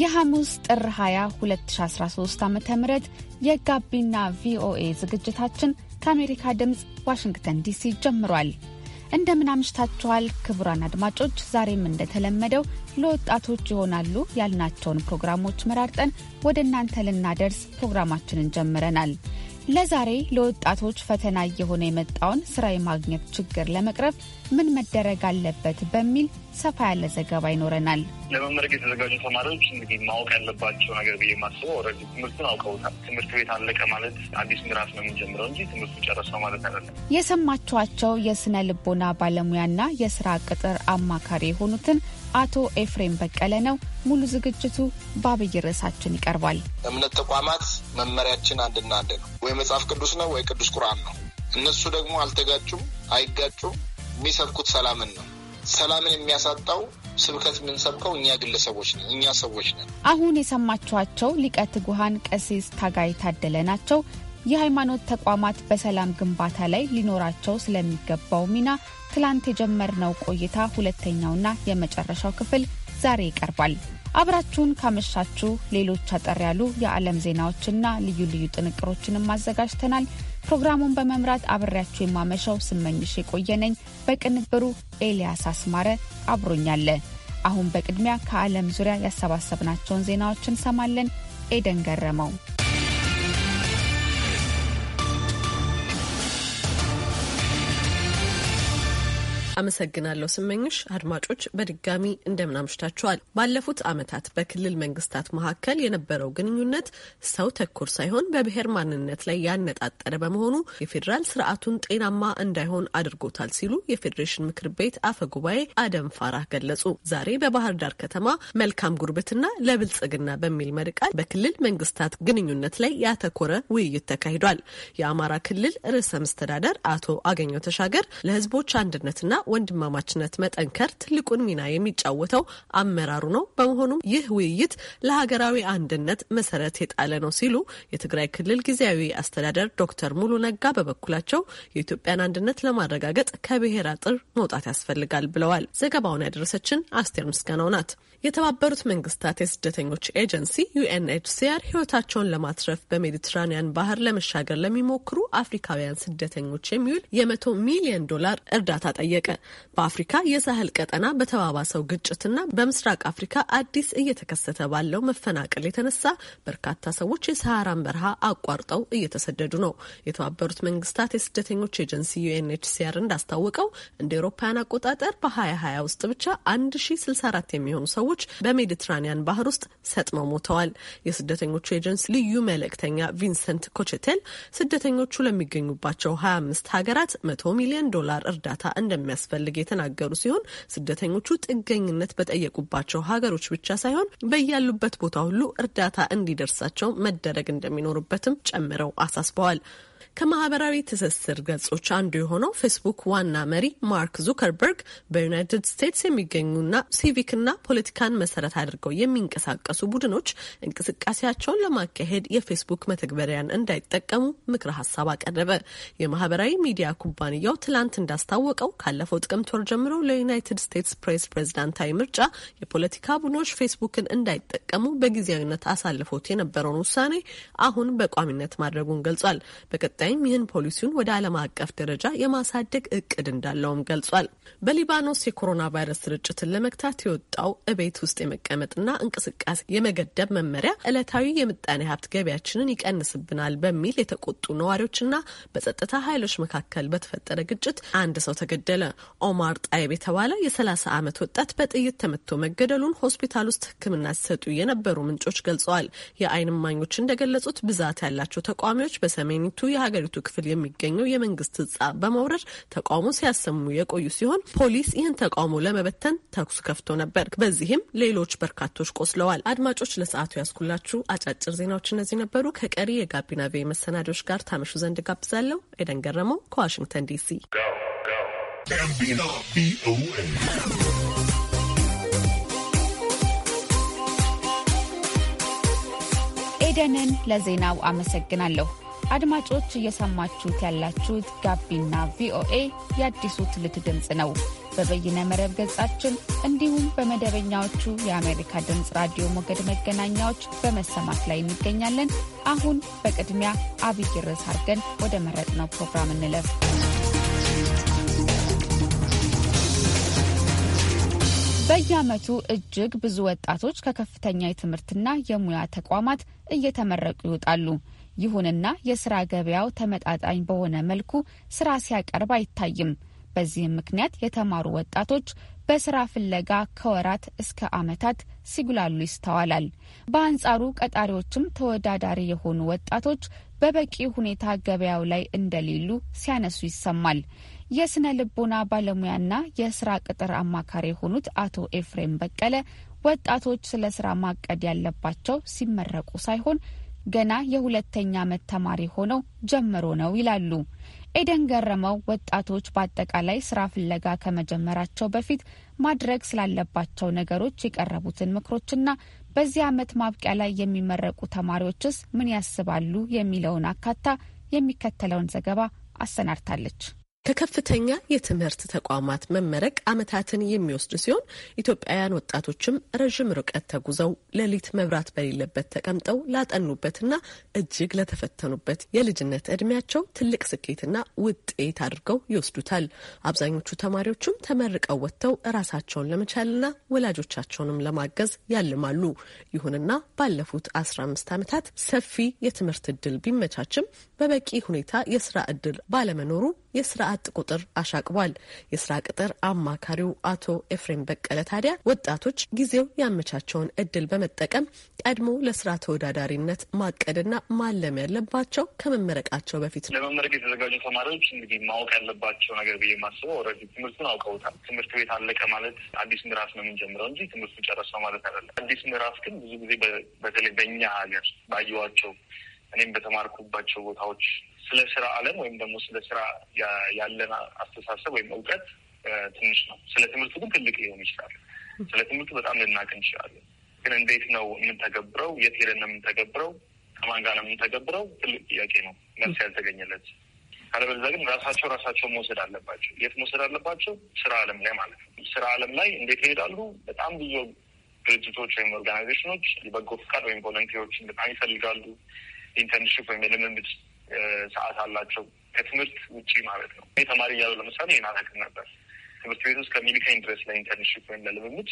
የሐሙስ ጥር 20 2013 ዓ ም የጋቢና ቪኦኤ ዝግጅታችን ከአሜሪካ ድምፅ ዋሽንግተን ዲሲ ጀምሯል። እንደምን አምሽታችኋል ክቡራን አድማጮች። ዛሬም እንደተለመደው ለወጣቶች ይሆናሉ ያልናቸውን ፕሮግራሞች መራርጠን ወደ እናንተ ልናደርስ ፕሮግራማችንን ጀምረናል። ለዛሬ ለወጣቶች ፈተና እየሆነ የመጣውን ስራ የማግኘት ችግር ለመቅረፍ ምን መደረግ አለበት በሚል ሰፋ ያለ ዘገባ ይኖረናል። ለመመረቅ የተዘጋጁ ተማሪዎች እንግዲህ ማወቅ ያለባቸው ነገር ብዬ ማስበው ረ ትምህርቱን አውቀውታል። ትምህርት ቤት አለቀ ማለት አዲስ ምዕራፍ ነው የምንጀምረው እንጂ ትምህርቱ ጨረሰው ማለት አይደለም። የሰማችኋቸው የስነ ልቦና ባለሙያና የስራ ቅጥር አማካሪ የሆኑትን አቶ ኤፍሬም በቀለ ነው። ሙሉ ዝግጅቱ በአብይ ርዕሳችን ይቀርባል። እምነት ተቋማት መመሪያችን አንድና አንድ ነው። ወይ መጽሐፍ ቅዱስ ነው ወይ ቅዱስ ቁርአን ነው። እነሱ ደግሞ አልተጋጩም፣ አይጋጩም። የሚሰብኩት ሰላምን ነው። ሰላምን የሚያሳጣው ስብከት የምንሰብከው እኛ ግለሰቦች ነን፣ እኛ ሰዎች ነን። አሁን የሰማችኋቸው ሊቀ ትጉሃን ቀሲስ ታጋይ ታደለ ናቸው። የሃይማኖት ተቋማት በሰላም ግንባታ ላይ ሊኖራቸው ስለሚገባው ሚና ትላንት የጀመርነው ቆይታ ሁለተኛውና የመጨረሻው ክፍል ዛሬ ይቀርባል። አብራችሁን ካመሻችሁ ሌሎች አጠር ያሉ የዓለም ዜናዎችና ልዩ ልዩ ጥንቅሮችንም አዘጋጅተናል። ፕሮግራሙን በመምራት አብሬያችሁ የማመሻው ስመኝሽ የቆየነኝ፣ በቅንብሩ ኤልያስ አስማረ አብሮኛለ። አሁን በቅድሚያ ከዓለም ዙሪያ ያሰባሰብናቸውን ዜናዎችን ሰማለን። ኤደን ገረመው አመሰግናለሁ ስመኝሽ አድማጮች በድጋሚ እንደምናምሽታችኋል። ባለፉት ዓመታት በክልል መንግስታት መካከል የነበረው ግንኙነት ሰው ተኮር ሳይሆን በብሔር ማንነት ላይ ያነጣጠረ በመሆኑ የፌዴራል ስርዓቱን ጤናማ እንዳይሆን አድርጎታል ሲሉ የፌዴሬሽን ምክር ቤት አፈ ጉባኤ አደም ፋራህ ገለጹ። ዛሬ በባህር ዳር ከተማ መልካም ጉርብትና ለብልጽግና በሚል መሪ ቃል በክልል መንግስታት ግንኙነት ላይ ያተኮረ ውይይት ተካሂዷል። የአማራ ክልል ርዕሰ መስተዳደር አቶ አገኘው ተሻገር ለህዝቦች አንድነትና ወንድማማችነት መጠንከር ትልቁን ሚና የሚጫወተው አመራሩ ነው። በመሆኑም ይህ ውይይት ለሀገራዊ አንድነት መሰረት የጣለ ነው ሲሉ የትግራይ ክልል ጊዜያዊ አስተዳደር ዶክተር ሙሉ ነጋ በበኩላቸው የኢትዮጵያን አንድነት ለማረጋገጥ ከብሔር አጥር መውጣት ያስፈልጋል ብለዋል። ዘገባውን ያደረሰችን አስቴር ምስጋናው ናት። የተባበሩት መንግስታት የስደተኞች ኤጀንሲ ዩኤንኤችሲአር ህይወታቸውን ለማትረፍ በሜዲትራኒያን ባህር ለመሻገር ለሚሞክሩ አፍሪካውያን ስደተኞች የሚውል የመቶ ሚሊዮን ዶላር እርዳታ ጠየቀ። በአፍሪካ የሳህል ቀጠና በተባባሰው ግጭትና በምስራቅ አፍሪካ አዲስ እየተከሰተ ባለው መፈናቀል የተነሳ በርካታ ሰዎች የሰሃራን በረሃ አቋርጠው እየተሰደዱ ነው። የተባበሩት መንግስታት የስደተኞች ኤጀንሲ ዩኤንኤችሲአር እንዳስታወቀው እንደ ኤሮፓውያን አቆጣጠር በ2020 ውስጥ ብቻ 1064 የሚሆኑ ሰዎች በሜዲትራኒያን ባህር ውስጥ ሰጥመው ሞተዋል። የስደተኞቹ ኤጀንሲ ልዩ መልእክተኛ ቪንሰንት ኮቼቴል ስደተኞቹ ለሚገኙባቸው 25 ሀገራት 100 ሚሊዮን ዶላር እርዳታ እንደሚያስ እንደሚያስፈልግ የተናገሩ ሲሆን ስደተኞቹ ጥገኝነት በጠየቁባቸው ሀገሮች ብቻ ሳይሆን በያሉበት ቦታ ሁሉ እርዳታ እንዲደርሳቸው መደረግ እንደሚኖሩበትም ጨምረው አሳስበዋል። ከማህበራዊ ትስስር ገጾች አንዱ የሆነው ፌስቡክ ዋና መሪ ማርክ ዙከርበርግ በዩናይትድ ስቴትስ የሚገኙና ሲቪክና ፖለቲካን መሰረት አድርገው የሚንቀሳቀሱ ቡድኖች እንቅስቃሴያቸውን ለማካሄድ የፌስቡክ መተግበሪያን እንዳይጠቀሙ ምክረ ሀሳብ አቀረበ። የማህበራዊ ሚዲያ ኩባንያው ትላንት እንዳስታወቀው ካለፈው ጥቅምት ወር ጀምሮ ለዩናይትድ ስቴትስ ፕሬስ ፕሬዝዳንታዊ ምርጫ የፖለቲካ ቡድኖች ፌስቡክን እንዳይጠቀሙ በጊዜያዊነት አሳልፎት የነበረውን ውሳኔ አሁን በቋሚነት ማድረጉን ገልጿል። በቀጣይ በቀጣይም ይህን ፖሊሲውን ወደ ዓለም አቀፍ ደረጃ የማሳደግ እቅድ እንዳለውም ገልጿል። በሊባኖስ የኮሮና ቫይረስ ስርጭትን ለመግታት የወጣው እቤት ውስጥ የመቀመጥና እንቅስቃሴ የመገደብ መመሪያ ዕለታዊ የምጣኔ ሀብት ገቢያችንን ይቀንስብናል በሚል የተቆጡ ነዋሪዎችና በጸጥታ ኃይሎች መካከል በተፈጠረ ግጭት አንድ ሰው ተገደለ። ኦማር ጣይብ የተባለ የ30 ዓመት ወጣት በጥይት ተመትቶ መገደሉን ሆስፒታል ውስጥ ሕክምና ሲሰጡ የነበሩ ምንጮች ገልጸዋል። የአይን እማኞች እንደገለጹት ብዛት ያላቸው ተቃዋሚዎች በሰሜኒቱ የሀገ በሀገሪቱ ክፍል የሚገኘው የመንግስት ህንጻ በመውረድ ተቃውሞ ሲያሰሙ የቆዩ ሲሆን ፖሊስ ይህን ተቃውሞ ለመበተን ተኩስ ከፍቶ ነበር። በዚህም ሌሎች በርካቶች ቆስለዋል። አድማጮች ለሰዓቱ ያስኩላችሁ አጫጭር ዜናዎች እነዚህ ነበሩ። ከቀሪ የጋቢና ቬ መሰናዶች ጋር ታመሹ ዘንድ ጋብዛለሁ። ኤደን ገረመው ከዋሽንግተን ዲሲ ኤደንን ለዜናው አመሰግናለሁ። አድማጮች እየሰማችሁት ያላችሁት ጋቢና ቪኦኤ የአዲሱ ትውልድ ድምፅ ነው። በበይነ መረብ ገጻችን እንዲሁም በመደበኛዎቹ የአሜሪካ ድምፅ ራዲዮ ሞገድ መገናኛዎች በመሰማት ላይ እንገኛለን። አሁን በቅድሚያ አብይ ርዕስ አድርገን ወደ መረጥነው ፕሮግራም እንለፍ። በየዓመቱ እጅግ ብዙ ወጣቶች ከከፍተኛ የትምህርትና የሙያ ተቋማት እየተመረቁ ይወጣሉ። ይሁንና የስራ ገበያው ተመጣጣኝ በሆነ መልኩ ስራ ሲያቀርብ አይታይም። በዚህም ምክንያት የተማሩ ወጣቶች በስራ ፍለጋ ከወራት እስከ ዓመታት ሲጉላሉ ይስተዋላል። በአንጻሩ ቀጣሪዎችም ተወዳዳሪ የሆኑ ወጣቶች በበቂ ሁኔታ ገበያው ላይ እንደሌሉ ሲያነሱ ይሰማል። የስነ ልቦና ባለሙያና የስራ ቅጥር አማካሪ የሆኑት አቶ ኤፍሬም በቀለ ወጣቶች ስለ ስራ ማቀድ ያለባቸው ሲመረቁ ሳይሆን ገና የሁለተኛ ዓመት ተማሪ ሆነው ጀምሮ ነው ይላሉ። ኤደን ገረመው ወጣቶች በአጠቃላይ ስራ ፍለጋ ከመጀመራቸው በፊት ማድረግ ስላለባቸው ነገሮች የቀረቡትን ምክሮችና በዚህ ዓመት ማብቂያ ላይ የሚመረቁ ተማሪዎችስ ምን ያስባሉ የሚለውን አካታ የሚከተለውን ዘገባ አሰናድታለች። ከከፍተኛ የትምህርት ተቋማት መመረቅ ዓመታትን የሚወስድ ሲሆን ኢትዮጵያውያን ወጣቶችም ረዥም ርቀት ተጉዘው ሌሊት መብራት በሌለበት ተቀምጠው ላጠኑበትና እጅግ ለተፈተኑበት የልጅነት እድሜያቸው ትልቅ ስኬትና ውጤት አድርገው ይወስዱታል። አብዛኞቹ ተማሪዎችም ተመርቀው ወጥተው ራሳቸውን ለመቻልና ወላጆቻቸውንም ለማገዝ ያልማሉ። ይሁንና ባለፉት አስራ አምስት ዓመታት ሰፊ የትምህርት እድል ቢመቻችም በበቂ ሁኔታ የስራ እድል ባለመኖሩ የስራ አጥ ቁጥር አሻቅቧል። የስራ ቅጥር አማካሪው አቶ ኤፍሬም በቀለ ታዲያ ወጣቶች ጊዜው ያመቻቸውን እድል በመጠቀም ቀድሞ ለስራ ተወዳዳሪነት ማቀድና ማለም ያለባቸው ከመመረቃቸው በፊት ነው። ለመመረቅ የተዘጋጁ ተማሪዎች እንግዲህ ማወቅ ያለባቸው ነገር ብዬ ማስበው ረ ትምህርቱን አውቀውታል። ትምህርት ቤት አለቀ ማለት አዲስ ምዕራፍ ነው የምንጀምረው እንጂ ትምህርቱ ጨረሰው ማለት አይደለም። አዲስ ምዕራፍ ግን ብዙ ጊዜ በተለይ በእኛ ሀገር ባየዋቸው እኔም በተማርኩባቸው ቦታዎች ስለ ስራ አለም ወይም ደግሞ ስለ ስራ ያለን አስተሳሰብ ወይም እውቀት ትንሽ ነው። ስለ ትምህርቱ ግን ትልቅ ሊሆን ይችላል። ስለ ትምህርቱ በጣም ልናቅ እንችላለን። ግን እንዴት ነው የምንተገብረው? የት ሄደን ነው የምንተገብረው? ከማን ጋር ነው የምንተገብረው? ትልቅ ጥያቄ ነው፣ መልስ ያልተገኘለት። ካለበለዚያ ግን ራሳቸው ራሳቸው መውሰድ አለባቸው። የት መውሰድ አለባቸው? ስራ አለም ላይ ማለት ነው። ስራ አለም ላይ እንዴት ይሄዳሉ? በጣም ብዙ ድርጅቶች ወይም ኦርጋናይዜሽኖች የበጎ ፍቃድ ወይም ቮለንቲሮችን በጣም ይፈልጋሉ። ኢንተርንሽፕ ወይም የልምምድ ሰዓት አላቸው ከትምህርት ውጪ ማለት ነው። እኔ ተማሪ እያሉ ለምሳሌ ይህን ነበር። ትምህርት ቤት ውስጥ ከሚሊካኝ ድረስ ለኢንተርንሽፕ ወይም ለልምምድ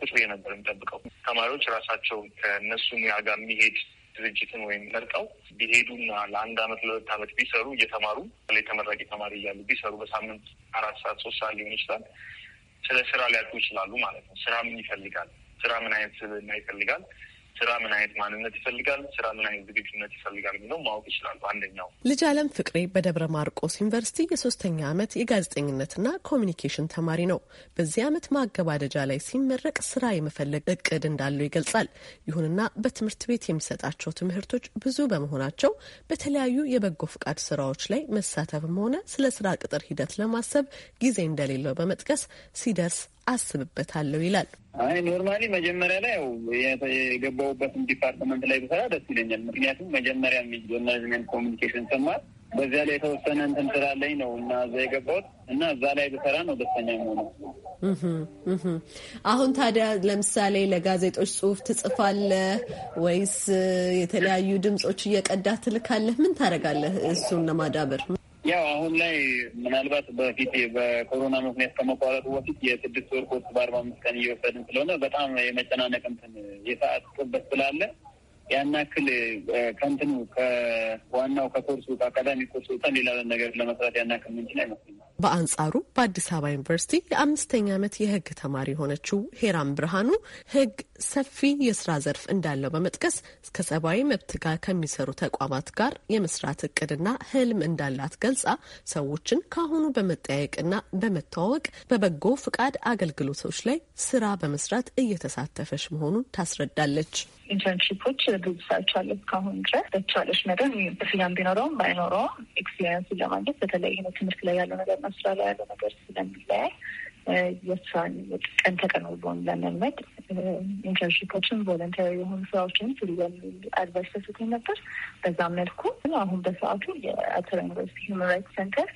ቁጭ ብዬ ነበር የምጠብቀው። ተማሪዎች ራሳቸው ከእነሱ ሙያ ጋር የሚሄድ ድርጅትን ወይም መርጠው ቢሄዱና ለአንድ አመት ለሁለት አመት ቢሰሩ እየተማሩ ላይ ተመራቂ ተማሪ እያሉ ቢሰሩ በሳምንት አራት ሰዓት ሶስት ሰዓት ሊሆን ይችላል። ስለ ስራ ሊያውቁ ይችላሉ ማለት ነው። ስራ ምን ይፈልጋል፣ ስራ ምን አይነት ስብዕና ይፈልጋል ስራ ምን አይነት ማንነት ይፈልጋል፣ ስራ ምን አይነት ዝግጁነት ይፈልጋል የሚለው ማወቅ ይችላሉ። አንደኛው ልጅ አለም ፍቅሬ በደብረ ማርቆስ ዩኒቨርሲቲ የሶስተኛ ዓመት የጋዜጠኝነትና ኮሚኒኬሽን ተማሪ ነው። በዚህ አመት ማገባደጃ ላይ ሲመረቅ ስራ የመፈለግ እቅድ እንዳለው ይገልጻል። ይሁንና በትምህርት ቤት የሚሰጣቸው ትምህርቶች ብዙ በመሆናቸው በተለያዩ የበጎ ፍቃድ ስራዎች ላይ መሳተፍም ሆነ ስለ ስራ ቅጥር ሂደት ለማሰብ ጊዜ እንደሌለው በመጥቀስ ሲደርስ አስብበታለሁ ይላል። አይ ኖርማሊ መጀመሪያ ላይ ያው የገባሁበትም ዲፓርትመንት ላይ ብሰራ ደስ ይለኛል። ምክንያቱም መጀመሪያ ጆርናሊዝም ኮሚኒኬሽን ሰማር በዚያ ላይ የተወሰነ እንትን ስላለኝ ነው እና እዛ የገባሁት እና እዛ ላይ ብሰራ ነው ደስተኛ የምሆነው። አሁን ታዲያ ለምሳሌ ለጋዜጦች ጽሁፍ ትጽፋለህ ወይስ የተለያዩ ድምጾች እየቀዳህ ትልካለህ? ምን ታደርጋለህ እሱን ለማዳበር? ያው አሁን ላይ ምናልባት በፊት በኮሮና ምክንያት ከመቋረጡ በፊት የስድስት ወር ኮርስ በአርባ አምስት ቀን እየወሰድን ስለሆነ በጣም የመጨናነቅ እንትን የሰዓት ጥበት ስላለ ያን ያክል ከእንትኑ ከዋናው ከኮርሱ ከአካዳሚ ኮርስ ወጣን ሌላ ነገር ለመስራት ያን ያክል ምንችል አይመስለኛል። በአንጻሩ በአዲስ አበባ ዩኒቨርሲቲ የአምስተኛ ዓመት የህግ ተማሪ የሆነችው ሄራም ብርሃኑ ህግ ሰፊ የስራ ዘርፍ እንዳለው በመጥቀስ ከሰብአዊ መብት ጋር ከሚሰሩ ተቋማት ጋር የመስራት እቅድና ህልም እንዳላት ገልጻ ሰዎችን ካሁኑ በመጠያየቅና በመተዋወቅ በበጎ ፍቃድ አገልግሎቶች ላይ ስራ በመስራት እየተሳተፈች መሆኑን ታስረዳለች። ኢንተርንሺፖች ብዙ ሰርቻለ እስካሁን ድረስ በተቻለች ነገር በፊልም ቢኖረውም ባይኖረውም ኤክስፔሪንሱን ለማግኘት በተለይ ነው ትምህርት ላይ ያለው ነገር መስራ ላይ ያለው ነገር ስለሚለያይ የስራን ቀን ተቀን ውሎን ለመልመድ ኢንተርንሺፖችን ቮለንተሪ የሆኑ ስራዎችን ስሉ በሚል አድቫይስ ተሰቶኝ ነበር። በዛም መልኩ አሁን በሰዓቱ የአተራ ዩኒቨርሲቲ ሂውማን ራይትስ ሴንተር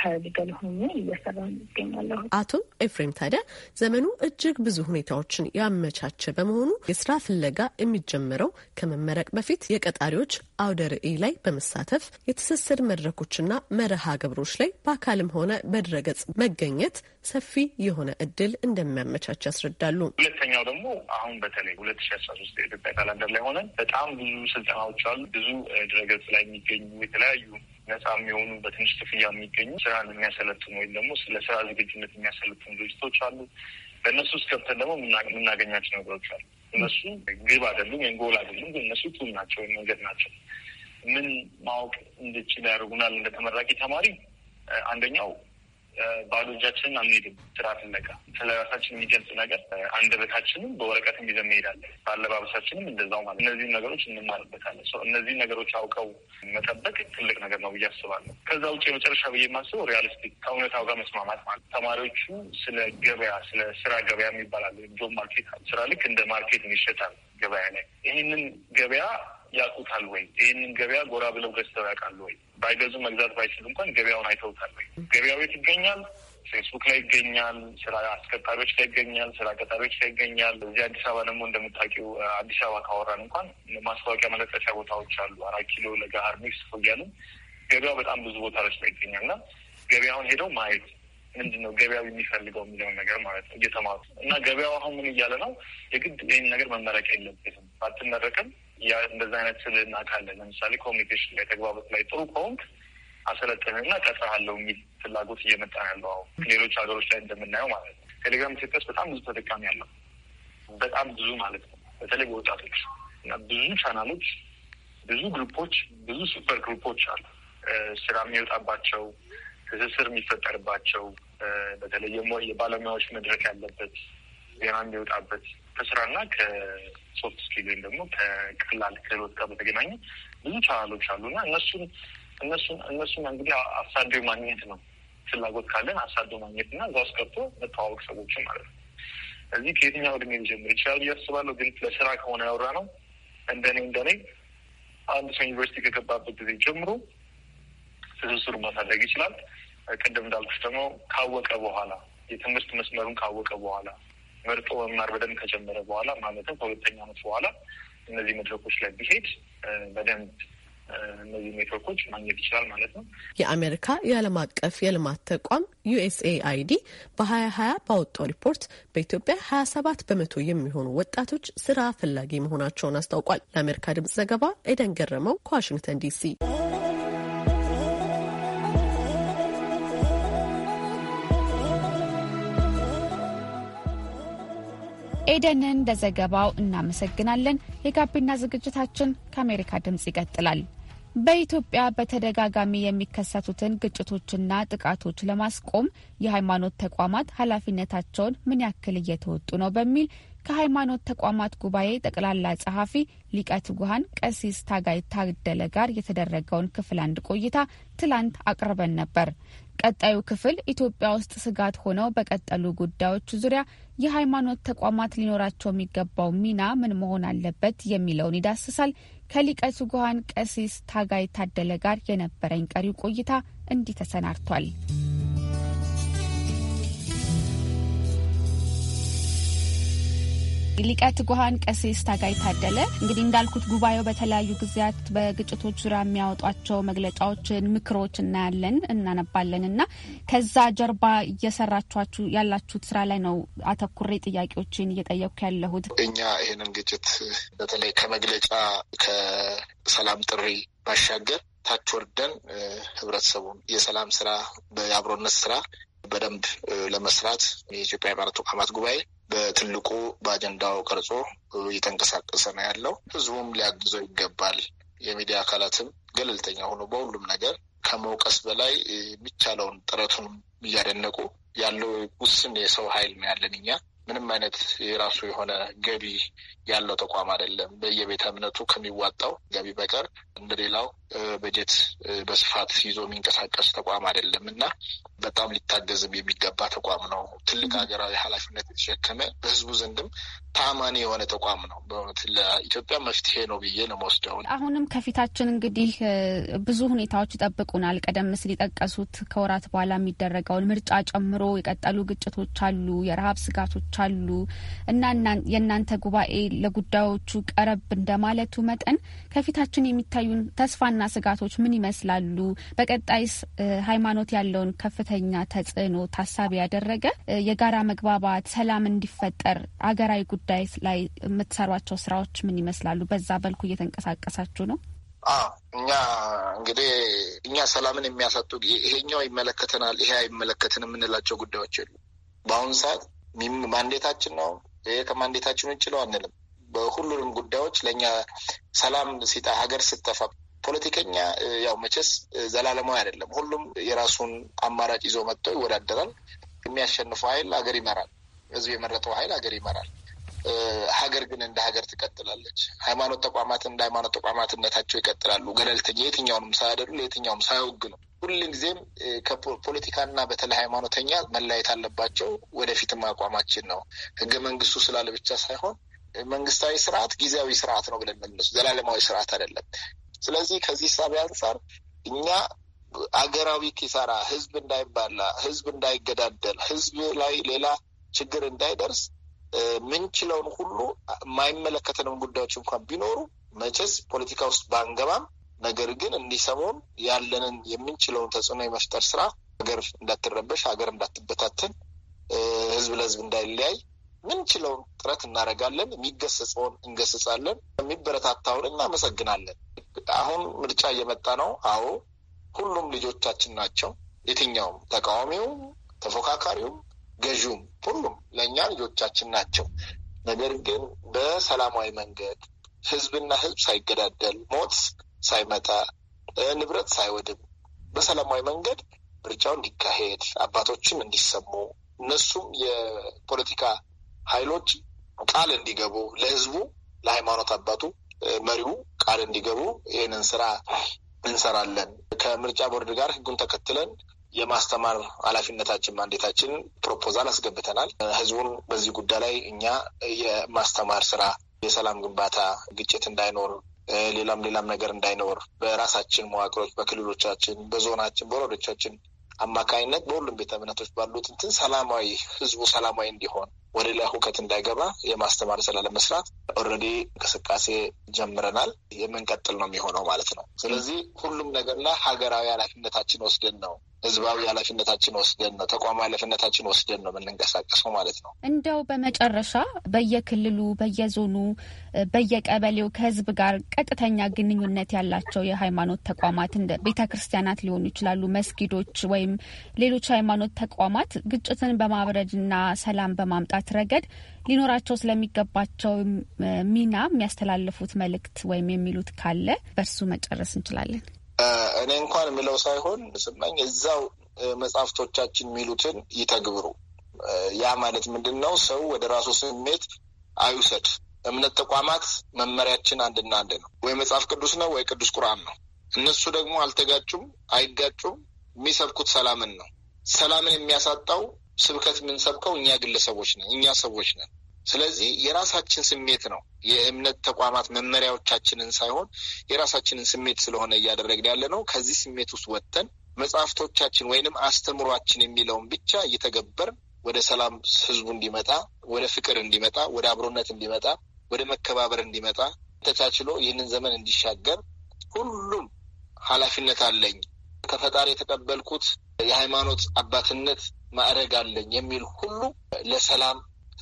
ፓራሊጋል ሆኜ እየሰራ ይገኛለሁ። አቶ ኤፍሬም ታዲያ ዘመኑ እጅግ ብዙ ሁኔታዎችን ያመቻቸ በመሆኑ የስራ ፍለጋ የሚጀምረው ከመመረቅ በፊት የቀጣሪዎች አውደ ርዕይ ላይ በመሳተፍ የትስስር መድረኮችና መርሃ ግብሮች ላይ በአካልም ሆነ በድረገጽ መገኘት ሰፊ የሆነ እድል እንደሚያመቻች ያስረዳሉ። ሁለተኛው ደግሞ አሁን በተለይ ሁለት ሺ አስራ ሶስት የኢትዮጵያ ካላንደር ላይ ሆነን በጣም ብዙ ስልጠናዎች አሉ። ብዙ ድረገጽ ላይ የሚገኙ የተለያዩ ነጻ የሚሆኑ በትንሽ ክፍያ የሚገኙ ስራን የሚያሰለጥኑ ወይም ደግሞ ለስራ ዝግጁነት የሚያሰለጥኑ ድርጅቶች አሉ። በእነሱ ውስጥ ገብተን ደግሞ የምናገኛቸው ነገሮች አሉ። እነሱ ግብ አይደሉም ወይም ጎል አይደሉም፣ ግን እነሱ ቱል ናቸው ወይም መንገድ ናቸው። ምን ማወቅ እንድችል ያደርጉናል እንደ ተመራቂ ተማሪ አንደኛው ባዶ እጃችንን አንሄድም። ስርዓት ነቃ ስለ ራሳችን የሚገልጽ ነገር አንደበታችንም በወረቀት ይዘን እንሄዳለን። በአለባበሳችንም እንደዛው ማለት እነዚህን ነገሮች እንማርበታለን። እነዚህን ነገሮች አውቀው መጠበቅ ትልቅ ነገር ነው ብዬ አስባለሁ። ከዛ ውጭ የመጨረሻ ብዬ የማስበው ሪያሊስቲክ ከእውነታው ጋር መስማማት ማለት ተማሪዎቹ ስለ ገበያ ስለ ስራ ገበያ የሚባላል ጆብ ማርኬት ስራ ልክ እንደ ማርኬት ይሸጣል ገበያ ላይ ይህንን ገበያ ያውቁታል ወይ? ይህንን ገበያ ጎራ ብለው ገዝተው ያውቃሉ ወይ? ባይገዙ መግዛት ባይችሉ እንኳን ገበያውን አይተውታል ወይ? ገበያው የት ይገኛል? ፌስቡክ ላይ ይገኛል። ስራ አስቀጣሪዎች ላይ ይገኛል። ስራ ቀጣሪዎች ላይ ይገኛል። እዚህ አዲስ አበባ ደግሞ እንደምታውቂው አዲስ አበባ ካወራን እንኳን ማስታወቂያ መለጠፊያ ቦታዎች አሉ። አራት ኪሎ፣ ለገሀር፣ ሜክሲኮ እያሉ ገበያው በጣም ብዙ ቦታዎች ላይ ይገኛል እና ገበያውን ሄደው ማየት ምንድን ነው ገበያው የሚፈልገው የሚለውን ነገር ማለት ነው እየተማሩ እና ገበያው አሁን ምን እያለ ነው የግድ ይህን ነገር መመረቅ የለበትም ባትመረቅም እንደዚ አይነት ስል ካለ ለምሳሌ ኮሚኒኬሽን ላይ ተግባበት ላይ ጥሩ ከሆንክ አሰለጥንህና ቀጥረሃለው የሚል ፍላጎት እየመጣ ያለው አሁን ሌሎች ሀገሮች ላይ እንደምናየው ማለት ነው። ቴሌግራም ኢትዮጵያ በጣም ብዙ ተጠቃሚ ያለው በጣም ብዙ ማለት ነው። በተለይ በወጣቶች እና ብዙ ቻናሎች፣ ብዙ ግሩፖች፣ ብዙ ሱፐር ግሩፖች አሉ ስራ የሚወጣባቸው ትስስር የሚፈጠርባቸው በተለይ የባለሙያዎች መድረክ ያለበት ዜና የሚወጣበት ከስራና ከሶፍት ስኪል ወይም ደግሞ ከቀላል ክህሎት ጋር በተገናኘ ብዙ ቻናሎች አሉ እነሱን እነሱን እነሱን እንግዲህ አሳደው ማግኘት ነው ፍላጎት ካለን አሳዶ ማግኘት እና እዛ ውስጥ መተዋወቅ ሰዎችን ማለት ነው። እዚህ ከየትኛው እድሜ ሊጀምር ይችላል እያስባለሁ። ግን ለስራ ከሆነ ያወራ ነው እንደኔ እንደኔ አንድ ሰው ዩኒቨርሲቲ ከገባበት ጊዜ ጀምሮ ትስስሩ ማሳደግ ይችላል። ቅድም እንዳልኩሽ ደግሞ ካወቀ በኋላ የትምህርት መስመሩን ካወቀ በኋላ መርጦ መማር በደንብ ከጀመረ በኋላ ማለትም ከሁለተኛ ዓመት በኋላ እነዚህ መድረኮች ላይ ቢሄድ በደንብ እነዚህ ኔትወርኮች ማግኘት ይችላል ማለት ነው። የአሜሪካ የዓለም አቀፍ የልማት ተቋም ዩኤስኤአይዲ በሀያ ሀያ ባወጣው ሪፖርት በኢትዮጵያ ሀያ ሰባት በመቶ የሚሆኑ ወጣቶች ስራ ፈላጊ መሆናቸውን አስታውቋል። ለአሜሪካ ድምጽ ዘገባ ኤደን ገረመው ከዋሽንግተን ዲሲ ኤደንን ለዘገባው እናመሰግናለን። የጋቢና ዝግጅታችን ከአሜሪካ ድምፅ ይቀጥላል። በኢትዮጵያ በተደጋጋሚ የሚከሰቱትን ግጭቶችና ጥቃቶች ለማስቆም የሃይማኖት ተቋማት ኃላፊነታቸውን ምን ያክል እየተወጡ ነው በሚል ከሃይማኖት ተቋማት ጉባኤ ጠቅላላ ጸሐፊ ሊቀ ትጉሃን ቀሲስ ታጋይ ታደለ ጋር የተደረገውን ክፍል አንድ ቆይታ ትላንት አቅርበን ነበር። ቀጣዩ ክፍል ኢትዮጵያ ውስጥ ስጋት ሆነው በቀጠሉ ጉዳዮች ዙሪያ የሃይማኖት ተቋማት ሊኖራቸው የሚገባው ሚና ምን መሆን አለበት የሚለውን ይዳስሳል። ከሊቀ ትጉሃን ቀሲስ ታጋይ ታደለ ጋር የነበረኝ ቀሪው ቆይታ እንዲህ ተሰናድቷል። ሊቀ ትጉሃን ቀሲስ ታጋይ ታደለ፣ እንግዲህ እንዳልኩት ጉባኤው በተለያዩ ጊዜያት በግጭቶች ዙሪያ የሚያወጧቸው መግለጫዎችን፣ ምክሮች እናያለን እናነባለን እና ከዛ ጀርባ እየሰራችኋችሁ ያላችሁት ስራ ላይ ነው አተኩሬ ጥያቄዎችን እየጠየኩ ያለሁት። እኛ ይህንን ግጭት በተለይ ከመግለጫ ከሰላም ጥሪ ባሻገር ታች ወርደን ህብረተሰቡን የሰላም ስራ የአብሮነት ስራ በደንብ ለመስራት የኢትዮጵያ የሃይማኖት ተቋማት ጉባኤ በትልቁ በአጀንዳው ቀርጾ እየተንቀሳቀሰ ነው ያለው። ህዝቡም ሊያግዘው ይገባል። የሚዲያ አካላትም ገለልተኛ ሆኖ በሁሉም ነገር ከመውቀስ በላይ የሚቻለውን ጥረቱን እያደነቁ ያለው ውስን የሰው ኃይል ነው ያለን እኛ ምንም አይነት የራሱ የሆነ ገቢ ያለው ተቋም አይደለም። በየቤተ እምነቱ ከሚዋጣው ገቢ በቀር እንደሌላው በጀት በስፋት ይዞ የሚንቀሳቀስ ተቋም አይደለም እና በጣም ሊታገዝም የሚገባ ተቋም ነው። ትልቅ ሀገራዊ ኃላፊነት የተሸከመ በህዝቡ ዘንድም ታማኒ የሆነ ተቋም ነው። በእውነት ለኢትዮጵያ መፍትሄ ነው ብዬ ነው የምወስደው። አሁንም ከፊታችን እንግዲህ ብዙ ሁኔታዎች ይጠብቁናል። ቀደም ሲል የጠቀሱት ከወራት በኋላ የሚደረገውን ምርጫ ጨምሮ የቀጠሉ ግጭቶች አሉ፣ የረሀብ ስጋቶች ሀሳቦች አሉ እና የእናንተ ጉባኤ ለጉዳዮቹ ቀረብ እንደማለቱ መጠን ከፊታችን የሚታዩን ተስፋና ስጋቶች ምን ይመስላሉ? በቀጣይስ ሃይማኖት ያለውን ከፍተኛ ተጽዕኖ ታሳቢ ያደረገ የጋራ መግባባት፣ ሰላም እንዲፈጠር አገራዊ ጉዳይ ላይ የምትሰሯቸው ስራዎች ምን ይመስላሉ? በዛ በልኩ እየተንቀሳቀሳችሁ ነው? እኛ እንግዲህ እኛ ሰላምን የሚያሳጡ ይሄኛው ይመለከተናል፣ ይሄ አይመለከትን የምንላቸው ጉዳዮች የሉ። በአሁኑ ሰዓት ማንዴታችን ነው። ይሄ ከማንዴታችን ውጭ ነው አንልም። በሁሉንም ጉዳዮች ለእኛ ሰላም ሲጣ ሀገር ስተፋ ፖለቲከኛ ያው መቼስ ዘላለማዊ አይደለም። ሁሉም የራሱን አማራጭ ይዞ መጥቶ ይወዳደራል። የሚያሸንፈው ኃይል ሀገር ይመራል። ህዝብ የመረጠው ኃይል ሀገር ይመራል። ሀገር ግን እንደ ሀገር ትቀጥላለች። ሃይማኖት ተቋማት እንደ ሃይማኖት ተቋማትነታቸው ይቀጥላሉ። ገለልተኛ የትኛውንም ሳያደሉ የትኛውም ነው። ሁሉን ጊዜም ከፖለቲካና በተለይ ሃይማኖተኛ መለያየት አለባቸው። ወደፊትም አቋማችን ነው። ህገ መንግስቱ ስላለ ብቻ ሳይሆን መንግስታዊ ስርዓት ጊዜያዊ ስርዓት ነው ብለን መለሱ፣ ዘላለማዊ ስርዓት አይደለም። ስለዚህ ከዚህ ሳቢ አንጻር እኛ አገራዊ ኪሳራ ህዝብ እንዳይባላ፣ ህዝብ እንዳይገዳደል፣ ህዝብ ላይ ሌላ ችግር እንዳይደርስ ምንችለውን ሁሉ የማይመለከተንም ጉዳዮች እንኳን ቢኖሩ መቼስ ፖለቲካ ውስጥ ባንገባም፣ ነገር ግን እንዲሰሙን ያለንን የምንችለውን ተጽዕኖ የመፍጠር ስራ ሀገር እንዳትረበሽ፣ ሀገር እንዳትበታተን፣ ህዝብ ለህዝብ እንዳይለያይ ምንችለውን ጥረት እናደርጋለን። የሚገሰጸውን እንገስጻለን። የሚበረታታውን እናመሰግናለን። አሁን ምርጫ እየመጣ ነው። አዎ ሁሉም ልጆቻችን ናቸው። የትኛውም ተቃዋሚውም ተፎካካሪውም ገዥውም ሁሉም ለእኛ ልጆቻችን ናቸው። ነገር ግን በሰላማዊ መንገድ ህዝብና ህዝብ ሳይገዳደል፣ ሞት ሳይመጣ፣ ንብረት ሳይወድም በሰላማዊ መንገድ ምርጫው እንዲካሄድ አባቶችም እንዲሰሙ እነሱም የፖለቲካ ኃይሎች ቃል እንዲገቡ ለህዝቡ ለሃይማኖት አባቱ መሪው ቃል እንዲገቡ ይህንን ስራ እንሰራለን። ከምርጫ ቦርድ ጋር ህጉን ተከትለን የማስተማር ኃላፊነታችን ማንዴታችን ፕሮፖዛል አስገብተናል። ህዝቡን በዚህ ጉዳይ ላይ እኛ የማስተማር ስራ የሰላም ግንባታ ግጭት እንዳይኖር ሌላም ሌላም ነገር እንዳይኖር በራሳችን መዋቅሮች በክልሎቻችን፣ በዞናችን፣ በወረዶቻችን አማካኝነት በሁሉም ቤተ እምነቶች ባሉት እንትን ሰላማዊ ህዝቡ ሰላማዊ እንዲሆን ወደ ሌላ ሁከት እንዳይገባ የማስተማር ስራ ለመስራት ኦልሬዲ እንቅስቃሴ ጀምረናል። የምንቀጥል ነው የሚሆነው ማለት ነው። ስለዚህ ሁሉም ነገር ላይ ሀገራዊ ኃላፊነታችን ወስደን ነው ህዝባዊ ኃላፊነታችን ወስደን ነው ተቋማዊ ኃላፊነታችን ወስደን ነው የምንንቀሳቀሰው ማለት ነው። እንደው በመጨረሻ በየክልሉ፣ በየዞኑ፣ በየቀበሌው ከህዝብ ጋር ቀጥተኛ ግንኙነት ያላቸው የሃይማኖት ተቋማት ቤተ ክርስቲያናት ሊሆኑ ይችላሉ፣ መስጊዶች ወይም ሌሎች ሃይማኖት ተቋማት ግጭትን በማብረድና ሰላም በማምጣት በመምራት ረገድ ሊኖራቸው ስለሚገባቸው ሚና የሚያስተላልፉት መልእክት ወይም የሚሉት ካለ በእርሱ መጨረስ እንችላለን። እኔ እንኳን የምለው ሳይሆን ስመኝ እዛው መጽሐፍቶቻችን የሚሉትን ይተግብሩ። ያ ማለት ምንድን ነው? ሰው ወደ ራሱ ስሜት አይውሰድ። እምነት ተቋማት መመሪያችን አንድና አንድ ነው። ወይ መጽሐፍ ቅዱስ ነው ወይ ቅዱስ ቁርአን ነው። እነሱ ደግሞ አልተጋጩም፣ አይጋጩም። የሚሰብኩት ሰላምን ነው። ሰላምን የሚያሳጣው ስብከት የምንሰብከው እኛ ግለሰቦች ነን፣ እኛ ሰዎች ነን። ስለዚህ የራሳችን ስሜት ነው የእምነት ተቋማት መመሪያዎቻችንን ሳይሆን የራሳችንን ስሜት ስለሆነ እያደረግን ያለ ነው። ከዚህ ስሜት ውስጥ ወጥተን መጽሐፍቶቻችን ወይንም አስተምሯችን የሚለውን ብቻ እየተገበር ወደ ሰላም ህዝቡ እንዲመጣ፣ ወደ ፍቅር እንዲመጣ፣ ወደ አብሮነት እንዲመጣ፣ ወደ መከባበር እንዲመጣ ተቻችሎ ይህንን ዘመን እንዲሻገር ሁሉም ኃላፊነት አለኝ ከፈጣሪ የተቀበልኩት የሃይማኖት አባትነት ማዕረግ አለኝ የሚል ሁሉ ለሰላም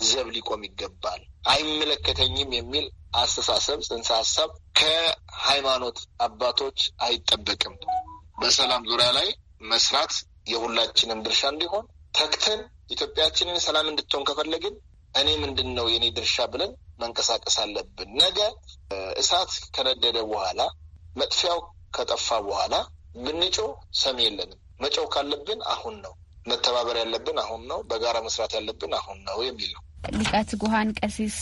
ዘብ ሊቆም ይገባል። አይመለከተኝም የሚል አስተሳሰብ፣ ጽንሰ ሀሳብ ከሃይማኖት አባቶች አይጠበቅም። በሰላም ዙሪያ ላይ መስራት የሁላችንም ድርሻ እንዲሆን ተግተን ኢትዮጵያችንን ሰላም እንድትሆን ከፈለግን እኔ ምንድን ነው የእኔ ድርሻ ብለን መንቀሳቀስ አለብን። ነገ እሳት ከነደደ በኋላ መጥፊያው ከጠፋ በኋላ ብንጮ ሰሚ የለንም። መጮው ካለብን አሁን ነው። መተባበር ያለብን አሁን ነው፣ በጋራ መስራት ያለብን አሁን ነው የሚል ነው። ሊቀት ጉሀን ቀሲስ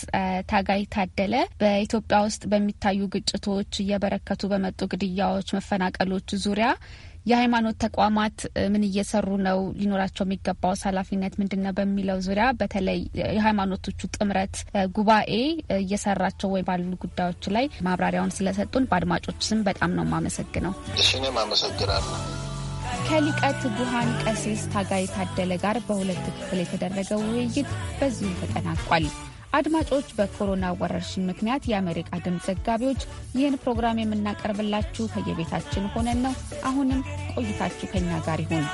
ታጋይ ታደለ በኢትዮጵያ ውስጥ በሚታዩ ግጭቶች፣ እየበረከቱ በመጡ ግድያዎች፣ መፈናቀሎች ዙሪያ የሃይማኖት ተቋማት ምን እየሰሩ ነው፣ ሊኖራቸው የሚገባው ኃላፊነት ምንድን ነው በሚለው ዙሪያ በተለይ የሃይማኖቶቹ ጥምረት ጉባኤ እየሰራቸው ወይ ባሉ ጉዳዮች ላይ ማብራሪያውን ስለሰጡን በአድማጮች ስም በጣም ነው የማመሰግነው። እሺ እኔም አመሰግናለሁ። ከሊቀ ትጉሃን ቀሲስ ታጋይ ታደለ ጋር በሁለት ክፍል የተደረገው ውይይት በዚሁ ተጠናቋል። አድማጮች፣ በኮሮና ወረርሽኝ ምክንያት የአሜሪካ ድምፅ ዘጋቢዎች ይህን ፕሮግራም የምናቀርብላችሁ ከየቤታችን ሆነን ነው። አሁንም ቆይታችሁ ከኛ ጋር ይሁን።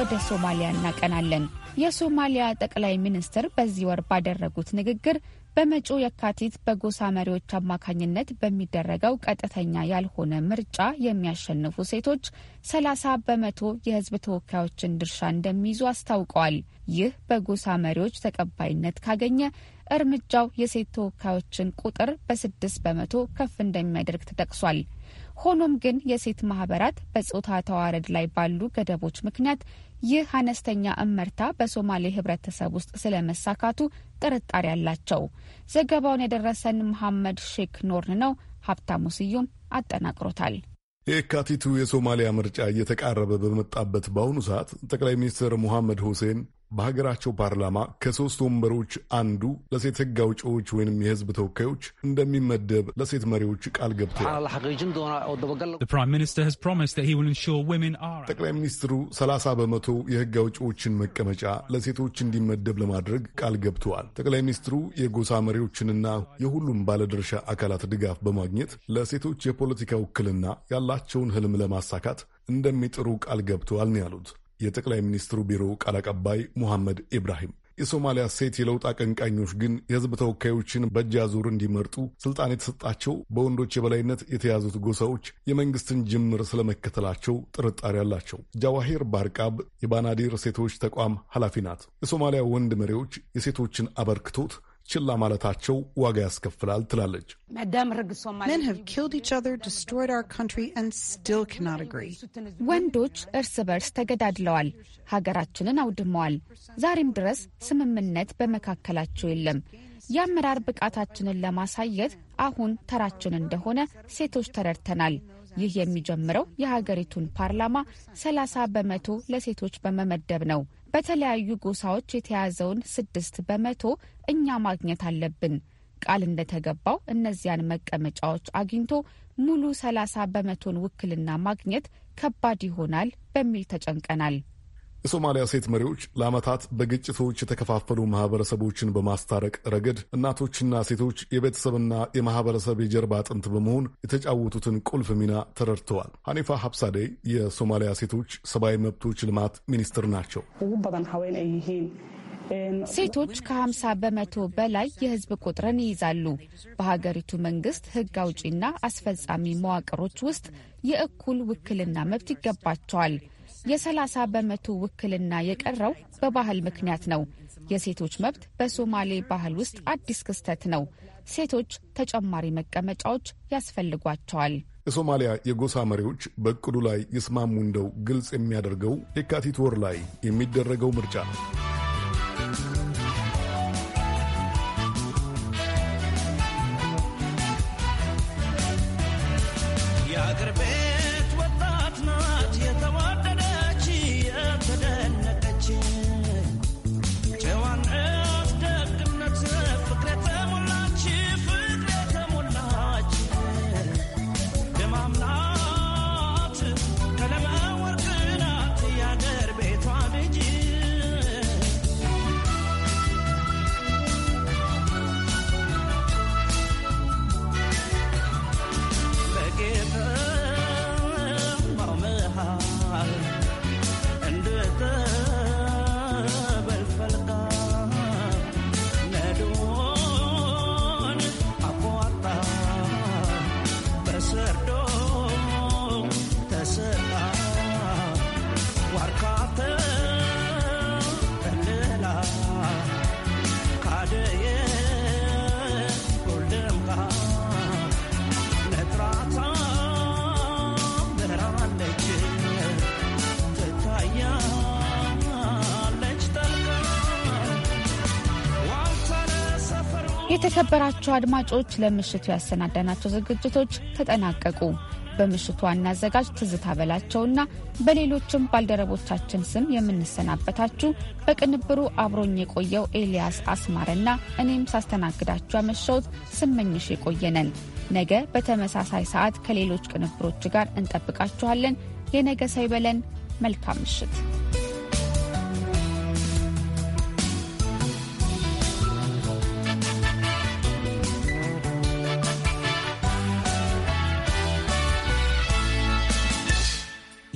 ወደ ሶማሊያ እናቀናለን። የሶማሊያ ጠቅላይ ሚኒስትር በዚህ ወር ባደረጉት ንግግር በመጪው የካቲት በጎሳ መሪዎች አማካኝነት በሚደረገው ቀጥተኛ ያልሆነ ምርጫ የሚያሸንፉ ሴቶች 30 በመቶ የሕዝብ ተወካዮችን ድርሻ እንደሚይዙ አስታውቀዋል። ይህ በጎሳ መሪዎች ተቀባይነት ካገኘ እርምጃው የሴት ተወካዮችን ቁጥር በስድስት በመቶ ከፍ እንደሚያደርግ ተጠቅሷል። ሆኖም ግን የሴት ማህበራት በጾታ ተዋረድ ላይ ባሉ ገደቦች ምክንያት ይህ አነስተኛ እመርታ በሶማሌ ህብረተሰብ ውስጥ ስለመሳካቱ ጥርጣሬ አላቸው። ዘገባውን የደረሰን መሐመድ ሼክ ኖርን ነው። ሀብታሙ ስዩም አጠናቅሮታል። የካቲቱ የሶማሊያ ምርጫ እየተቃረበ በመጣበት በአሁኑ ሰዓት ጠቅላይ ሚኒስትር ሙሐመድ ሁሴን በሀገራቸው ፓርላማ ከሶስት ወንበሮች አንዱ ለሴት ህግ አውጪዎች ወይንም የህዝብ ተወካዮች እንደሚመደብ ለሴት መሪዎች ቃል ገብተዋል። ጠቅላይ ሚኒስትሩ 30 በመቶ የህግ አውጪዎችን መቀመጫ ለሴቶች እንዲመደብ ለማድረግ ቃል ገብተዋል። ጠቅላይ ሚኒስትሩ የጎሳ መሪዎችንና የሁሉም ባለድርሻ አካላት ድጋፍ በማግኘት ለሴቶች የፖለቲካ ውክልና ያላቸውን ህልም ለማሳካት እንደሚጥሩ ቃል ገብተዋል ነው ያሉት። የጠቅላይ ሚኒስትሩ ቢሮ ቃል አቀባይ ሙሐመድ ኢብራሂም። የሶማሊያ ሴት የለውጥ አቀንቃኞች ግን የህዝብ ተወካዮችን በእጅ አዙር እንዲመርጡ ስልጣን የተሰጣቸው በወንዶች የበላይነት የተያዙት ጎሳዎች የመንግስትን ጅምር ስለመከተላቸው ጥርጣሬ አላቸው። ጃዋሂር ባርቃብ የባናዲር ሴቶች ተቋም ኃላፊ ናት። የሶማሊያ ወንድ መሪዎች የሴቶችን አበርክቶት ችላ ማለታቸው ዋጋ ያስከፍላል ትላለች። ወንዶች እርስ በርስ ተገዳድለዋል፣ ሀገራችንን አውድመዋል። ዛሬም ድረስ ስምምነት በመካከላቸው የለም። የአመራር ብቃታችንን ለማሳየት አሁን ተራችን እንደሆነ ሴቶች ተረድተናል። ይህ የሚጀምረው የሀገሪቱን ፓርላማ ሰላሳ በመቶ ለሴቶች በመመደብ ነው። በተለያዩ ጎሳዎች የተያዘውን ስድስት በመቶ እኛ ማግኘት አለብን። ቃል እንደተገባው እነዚያን መቀመጫዎች አግኝቶ ሙሉ ሰላሳ በመቶን ውክልና ማግኘት ከባድ ይሆናል በሚል ተጨንቀናል። የሶማሊያ ሴት መሪዎች ለዓመታት በግጭቶች የተከፋፈሉ ማህበረሰቦችን በማስታረቅ ረገድ እናቶችና ሴቶች የቤተሰብና የማህበረሰብ የጀርባ አጥንት በመሆን የተጫወቱትን ቁልፍ ሚና ተረድተዋል። ሐኒፋ ሀብሳዴ የሶማሊያ ሴቶች ሰብአዊ መብቶች ልማት ሚኒስትር ናቸው። ሴቶች ከ50 በመቶ በላይ የህዝብ ቁጥርን ይይዛሉ። በሀገሪቱ መንግስት ህግ አውጪና አስፈጻሚ መዋቅሮች ውስጥ የእኩል ውክልና መብት ይገባቸዋል። የ30 በመቶ ውክልና የቀረው በባህል ምክንያት ነው። የሴቶች መብት በሶማሌ ባህል ውስጥ አዲስ ክስተት ነው። ሴቶች ተጨማሪ መቀመጫዎች ያስፈልጓቸዋል። የሶማሊያ የጎሳ መሪዎች በእቅዱ ላይ ይስማሙ እንደው ግልጽ የሚያደርገው የካቲት ወር ላይ የሚደረገው ምርጫ ነው። የተከበራችሁ አድማጮች ለምሽቱ ያሰናዳናቸው ዝግጅቶች ተጠናቀቁ። በምሽቱ ዋና አዘጋጅ ትዝታ በላቸውና በሌሎችም ባልደረቦቻችን ስም የምንሰናበታችሁ በቅንብሩ አብሮኝ የቆየው ኤልያስ አስማረና እኔም ሳስተናግዳችሁ አመሻውት ስመኝሽ የቆየነን። ነገ በተመሳሳይ ሰዓት ከሌሎች ቅንብሮች ጋር እንጠብቃችኋለን። የነገ ሳይበለን መልካም ምሽት።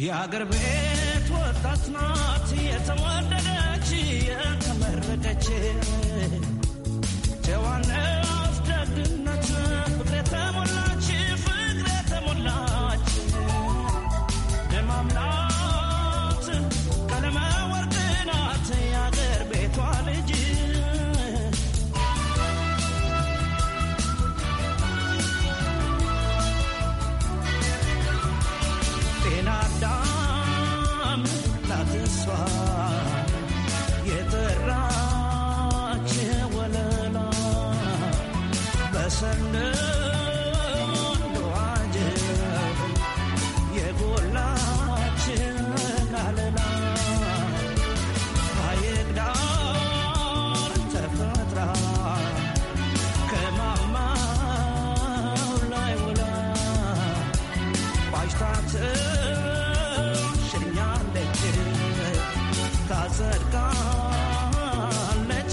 የአገር ቤት ወጣት ናት የተወደደች የተመረቀች